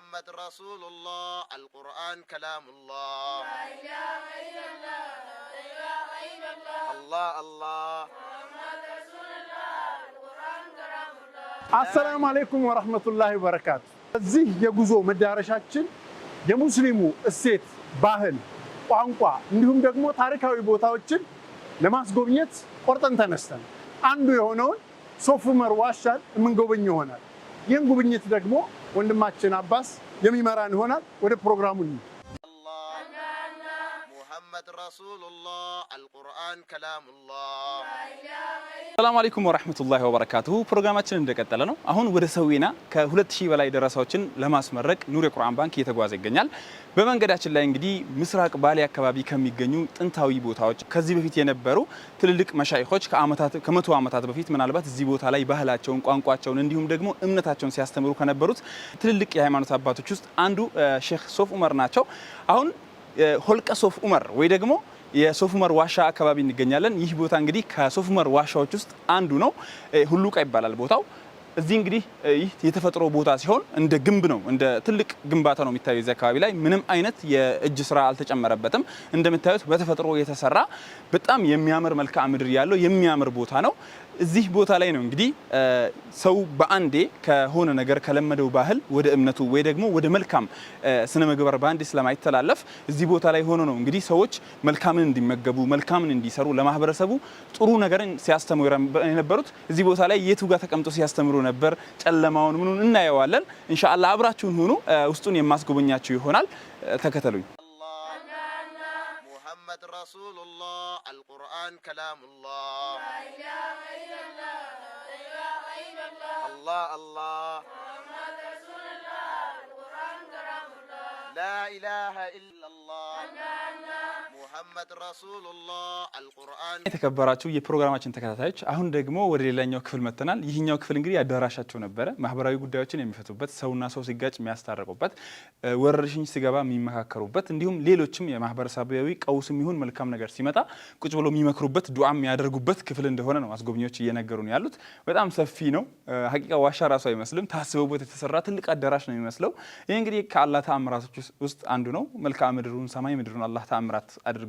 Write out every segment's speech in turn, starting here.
ሙሐመድ ረሱሉላህ አልቁርአን ከላሙላህ አላህ አላህ አሰላሙ አሌይኩም ወረህመቱላሂ ወበረካቱ። እዚህ የጉዞ መዳረሻችን የሙስሊሙ እሴት፣ ባህል፣ ቋንቋ እንዲሁም ደግሞ ታሪካዊ ቦታዎችን ለማስጎብኘት ቆርጠን ተነስተን አንዱ የሆነውን ሶፍ ዑመር ዋሻን የምንጎበኝ ይሆናል። ይህን ጉብኝት ደግሞ ወንድማችን አባስ የሚመራን ይሆናል። ወደ ፕሮግራሙ ሙሐመድ ረሱሉላህ አልቁርአን ከላሙላህ። ሰላም አለይኩም ወራህመቱላሂ ወበረካቱሁ። ፕሮግራማችን እንደቀጠለ ነው። አሁን ወደ ሰዌና ከሁለት ሺህ በላይ ደረሳዎችን ለማስመረቅ ኑር የቁርአን ባንክ እየተጓዘ ይገኛል። በመንገዳችን ላይ እንግዲህ ምስራቅ ባሌ አካባቢ ከሚገኙ ጥንታዊ ቦታዎች ከዚህ በፊት የነበሩ ትልልቅ መሻይኾች ከመቶ ዓመታት በፊት ምናልባት እዚህ ቦታ ላይ ባህላቸውን፣ ቋንቋቸውን እንዲሁም ደግሞ እምነታቸውን ሲያስተምሩ ከነበሩት ትልልቅ የሃይማኖት አባቶች ውስጥ አንዱ ሼክ ሶፍ ዑመር ናቸው። አሁን ሆልቀ ሶፍ ኡመር ወይ ደግሞ የሶፍ ኡመር ዋሻ አካባቢ እንገኛለን። ይህ ቦታ እንግዲህ ከሶፍ ኡመር ዋሻዎች ውስጥ አንዱ ነው። ሁሉቃ ይባላል ቦታው። እዚህ እንግዲህ ይህ የተፈጥሮ ቦታ ሲሆን እንደ ግንብ ነው፣ እንደ ትልቅ ግንባታ ነው የሚታየው። እዚህ አካባቢ ላይ ምንም አይነት የእጅ ስራ አልተጨመረበትም። እንደምታዩት በተፈጥሮ የተሰራ በጣም የሚያምር መልክዓ ምድር ያለው የሚያምር ቦታ ነው። እዚህ ቦታ ላይ ነው እንግዲህ ሰው በአንዴ ከሆነ ነገር ከለመደው ባህል ወደ እምነቱ ወይ ደግሞ ወደ መልካም ስነ ምግባር በአንዴ ስለማይተላለፍ እዚህ ቦታ ላይ ሆኖ ነው እንግዲህ ሰዎች መልካምን እንዲመገቡ፣ መልካምን እንዲሰሩ፣ ለማህበረሰቡ ጥሩ ነገርን ሲያስተምሩ የነበሩት እዚህ ቦታ ላይ የቱ ጋር ተቀምጦ ሲያስተምሩ ነበር? ጨለማውን ምኑን እናየዋለን። እንሻአላ አብራችሁን ሆኑ፣ ውስጡን የማስጎበኛችሁ ይሆናል። ተከተሉኝ። ሙሐመድ ረሱሉላህ አልቁርአን ከላሙላህ غير الله الله الله محمد رسول الله القرآن الله لا إله إلا الله الله የተከበራችሁ የፕሮግራማችን ተከታታዮች አሁን ደግሞ ወደ ሌላኛው ክፍል መጥተናል። ይህኛው ክፍል እንግዲህ አዳራሻቸው ነበረ። ማህበራዊ ጉዳዮችን የሚፈቱበት፣ ሰውና ሰው ሲጋጭ የሚያስታርቁበት ወረርሽኝ ሲገባ የሚመካከሩበት፣ እንዲሁም ሌሎችም የማህበረሰባዊ ቀውስም ይሁን መልካም ነገር ሲመጣ ቁጭ ብሎ የሚመክሩበት፣ ዱዓ የሚያደርጉበት ክፍል እንደሆነ ነው አስጎብኚዎች እየነገሩን ያሉት። በጣም ሰፊ ነው። ሀቂቃ ዋሻ ራሱ አይመስልም። ታስበውበት የተሰራ ትልቅ አዳራሽ ነው የሚመስለው። ይህ እንግዲህ ከአላህ ተአምራቶች ውስጥ አንዱ ነው። መልክዓ ምድሩን፣ ሰማይ ምድሩን አላህ ተአምራት አድርጎ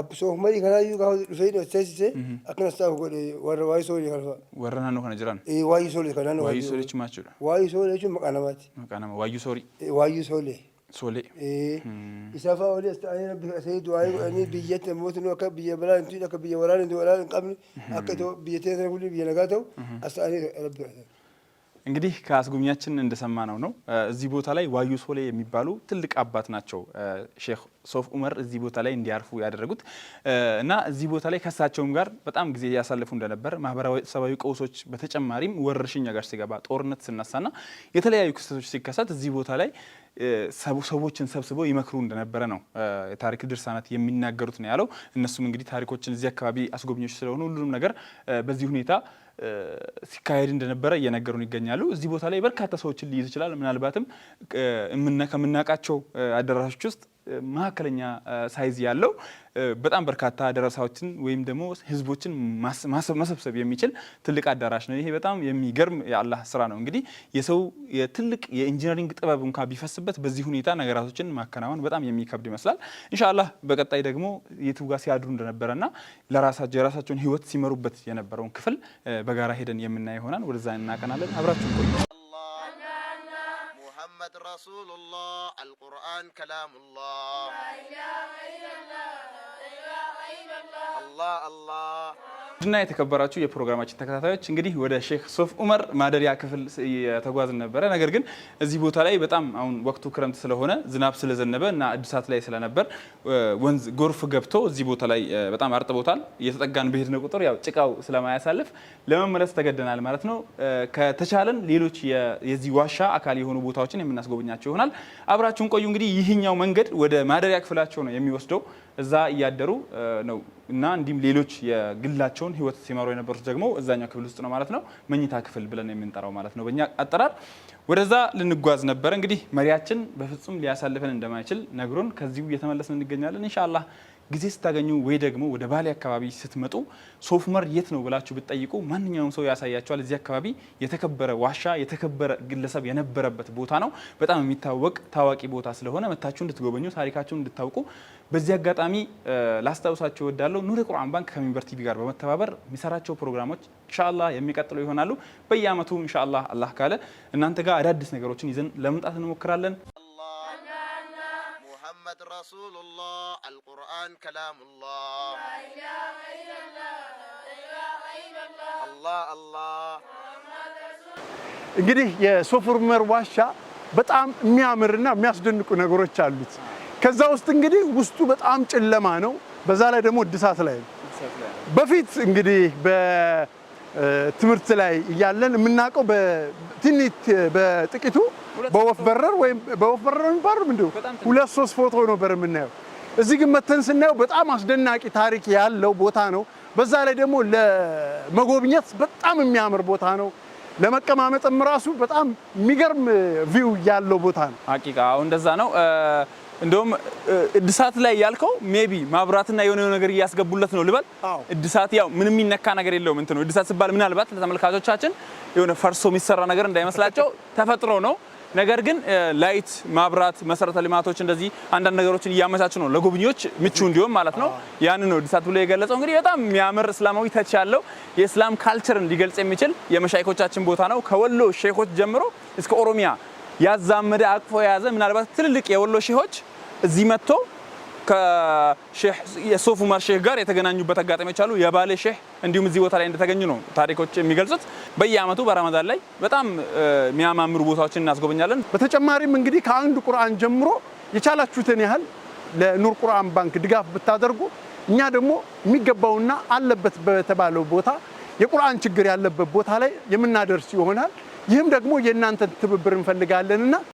Absoofumaa dhiikanaayyuu gaafa dhufee dhoteessise akkana ta'u godhe warra waa'ee soolii kan fa'a. Warra naannoo kana jiran. Waa'ee soolii kan naannoo. Waa'ee soolii jechuun jechuudha. Waa'ee soolii jechuun maqaa namaati. Maqaa nama waa'ee soolii. Waa'ee soolii. Soolii. Isaa fa'a olii as ta'anii rabbi kadhatanii du'aa godhanii biyyatti namooti nu akka biyya balaan hin akka biyya waraana hin waraana hin qabne akka biyya teessuma biyya nagaa ta'u as ta'anii rabbi kadhatan. እንግዲህ ከአስጎብኛችን እንደሰማ ነው። እዚህ ቦታ ላይ ዋዩ ሶሌ የሚባሉ ትልቅ አባት ናቸው ሼክ ሶፍ ኡመር እዚህ ቦታ ላይ እንዲያርፉ ያደረጉት እና እዚህ ቦታ ላይ ከሳቸውም ጋር በጣም ጊዜ ያሳልፉ እንደነበር ማህበረሰባዊ ቀውሶች በተጨማሪም ወረርሽኛ ጋር ሲገባ ጦርነት ስነሳና የተለያዩ ክስተቶች ሲከሰት እዚህ ቦታ ላይ ሰዎችን ሰብስበው ይመክሩ እንደነበረ ነው የታሪክ ድርሳናት የሚናገሩት ነው ያለው። እነሱም እንግዲህ ታሪኮችን እዚህ አካባቢ አስጎብኞች ስለሆኑ ሁሉንም ነገር በዚህ ሁኔታ ሲካሄድ እንደነበረ እየነገሩን ይገኛሉ። እዚህ ቦታ ላይ በርካታ ሰዎችን ሊይዝ ይችላል። ምናልባትም ከምናውቃቸው አዳራሾች ውስጥ መካከለኛ ሳይዝ ያለው በጣም በርካታ ደረሳዎችን ወይም ደግሞ ህዝቦችን መሰብሰብ የሚችል ትልቅ አዳራሽ ነው። ይሄ በጣም የሚገርም የአላህ ስራ ነው። እንግዲህ የሰው ትልቅ የኢንጂነሪንግ ጥበብ እንኳ ቢፈስበት በዚህ ሁኔታ ነገራቶችን ማከናወን በጣም የሚከብድ ይመስላል። እንሻላ በቀጣይ ደግሞ የቱ ጋር ሲያድሩ እንደነበረና የራሳቸውን ህይወት ሲመሩበት የነበረውን ክፍል በጋራ ሄደን የምናየው ይሆናል። ወደዛ እናቀናለን። አብራችሁን ቆዩ። محمد رسول الله القرآن كلام الله لا إله إلا الله لا إله إلا الله الله الله ድና የተከበራችሁ የፕሮግራማችን ተከታታዮች እንግዲህ ወደ ሼክ ሶፍ ኡመር ማደሪያ ክፍል የተጓዝን ነበረ። ነገር ግን እዚህ ቦታ ላይ በጣም አሁን ወቅቱ ክረምት ስለሆነ ዝናብ ስለዘነበ እና እድሳት ላይ ስለነበር ወንዝ ጎርፍ ገብቶ እዚህ ቦታ ላይ በጣም አርጥቦታል። እየተጠጋን በሄድን ቁጥር ያው ጭቃው ስለማያሳልፍ ለመመለስ ተገደናል ማለት ነው። ከተቻለን ሌሎች የዚህ ዋሻ አካል የሆኑ ቦታዎችን የምናስጎበኛቸው ይሆናል። አብራችሁን ቆዩ። እንግዲህ ይህኛው መንገድ ወደ ማደሪያ ክፍላቸው ነው የሚወስደው። እዛ እያደሩ ነው እና እንዲሁም ሌሎች የግላቸውን ህይወት ሲመሩ የነበሩት ደግሞ እዛኛው ክፍል ውስጥ ነው ማለት ነው። መኝታ ክፍል ብለን የምንጠራው ማለት ነው በእኛ አጠራር። ወደዛ ልንጓዝ ነበረ እንግዲህ መሪያችን በፍጹም ሊያሳልፈን እንደማይችል ነግሮን ከዚሁ እየተመለስን እንገኛለን እንሻላ። ጊዜ ስታገኙ ወይ ደግሞ ወደ ባሌ አካባቢ ስትመጡ ሶፍ ዑመር የት ነው ብላችሁ ብትጠይቁ ማንኛውም ሰው ያሳያቸዋል። እዚህ አካባቢ የተከበረ ዋሻ የተከበረ ግለሰብ የነበረበት ቦታ ነው። በጣም የሚታወቅ ታዋቂ ቦታ ስለሆነ መታችሁ እንድትጎበኙ ታሪካችሁን እንድታውቁ በዚህ አጋጣሚ ላስታውሳቸው እወዳለሁ። ኑር ቁርአን ባንክ ከሚንበር ቲቪ ጋር በመተባበር የሚሰራቸው ፕሮግራሞች ኢንሻአላህ የሚቀጥሉ ይሆናሉ። በየአመቱ ኢንሻአላህ አላህ ካለ እናንተ ጋር አዳዲስ ነገሮችን ይዘን ለመምጣት እንሞክራለን። محمد رسول الله القرآن كلام الله لا إله إلا الله لا إله إلا الله الله እንግዲህ የሶፍ ዑመር ዋሻ በጣም የሚያምርና የሚያስደንቁ ነገሮች አሉት። ከዛ ውስጥ እንግዲህ ውስጡ በጣም ጨለማ ነው። በዛ ላይ ደግሞ እድሳት ላይ ነው። በፊት እንግዲህ ትምህርት ላይ እያለን የምናውቀው በትንት በጥቂቱ በወፍ በረር ወይም በወፍ በረር የሚባለው ምንድን ሁለት ሶስት ፎቶ ነበር የምናየው። እዚህ ግን መተን ስናየው በጣም አስደናቂ ታሪክ ያለው ቦታ ነው። በዛ ላይ ደግሞ ለመጎብኘት በጣም የሚያምር ቦታ ነው። ለመቀማመጥም ራሱ በጣም የሚገርም ቪው ያለው ቦታ ነው። ሀቂቃ እንደዛ ነው። እንደውም እድሳት ላይ ያልከው ሜቢ ማብራትና የሆነ ነገር እያስገቡለት ነው ልበል። እድሳት ያው ምንም የሚነካ ነገር የለውም። እንት እድሳት ሲባል ምናልባት ለተመልካቾቻችን የሆነ ፈርሶ የሚሰራ ነገር እንዳይመስላቸው ተፈጥሮ ነው። ነገር ግን ላይት፣ ማብራት፣ መሰረተ ልማቶች እንደዚህ አንዳንድ ነገሮችን እያመቻች ነው ለጎብኚዎች ምቹ እንዲሆን ማለት ነው። ያን ነው እድሳት ብሎ የገለጸው። እንግዲህ በጣም የሚያምር እስላማዊ ተች ያለው የእስላም ካልቸርን ሊገልጽ የሚችል የመሻይኮቻችን ቦታ ነው። ከወሎ ሼኮች ጀምሮ እስከ ኦሮሚያ ያዛመደ አቅፎ የያዘ ምናልባት ትልልቅ የወሎ ሼሆች እዚህ መጥቶ የሶፍ ዑመር ሼህ ጋር የተገናኙበት አጋጣሚዎች አሉ። የባሌ ሼህ እንዲሁም እዚህ ቦታ ላይ እንደተገኙ ነው ታሪኮች የሚገልጹት። በየአመቱ በረመዳን ላይ በጣም የሚያማምሩ ቦታዎችን እናስጎበኛለን። በተጨማሪም እንግዲህ ከአንድ ቁርአን ጀምሮ የቻላችሁትን ያህል ለኑር ቁርአን ባንክ ድጋፍ ብታደርጉ እኛ ደግሞ የሚገባውና አለበት በተባለው ቦታ የቁርአን ችግር ያለበት ቦታ ላይ የምናደርስ ይሆናል። ይህም ደግሞ የእናንተን ትብብር እንፈልጋለንና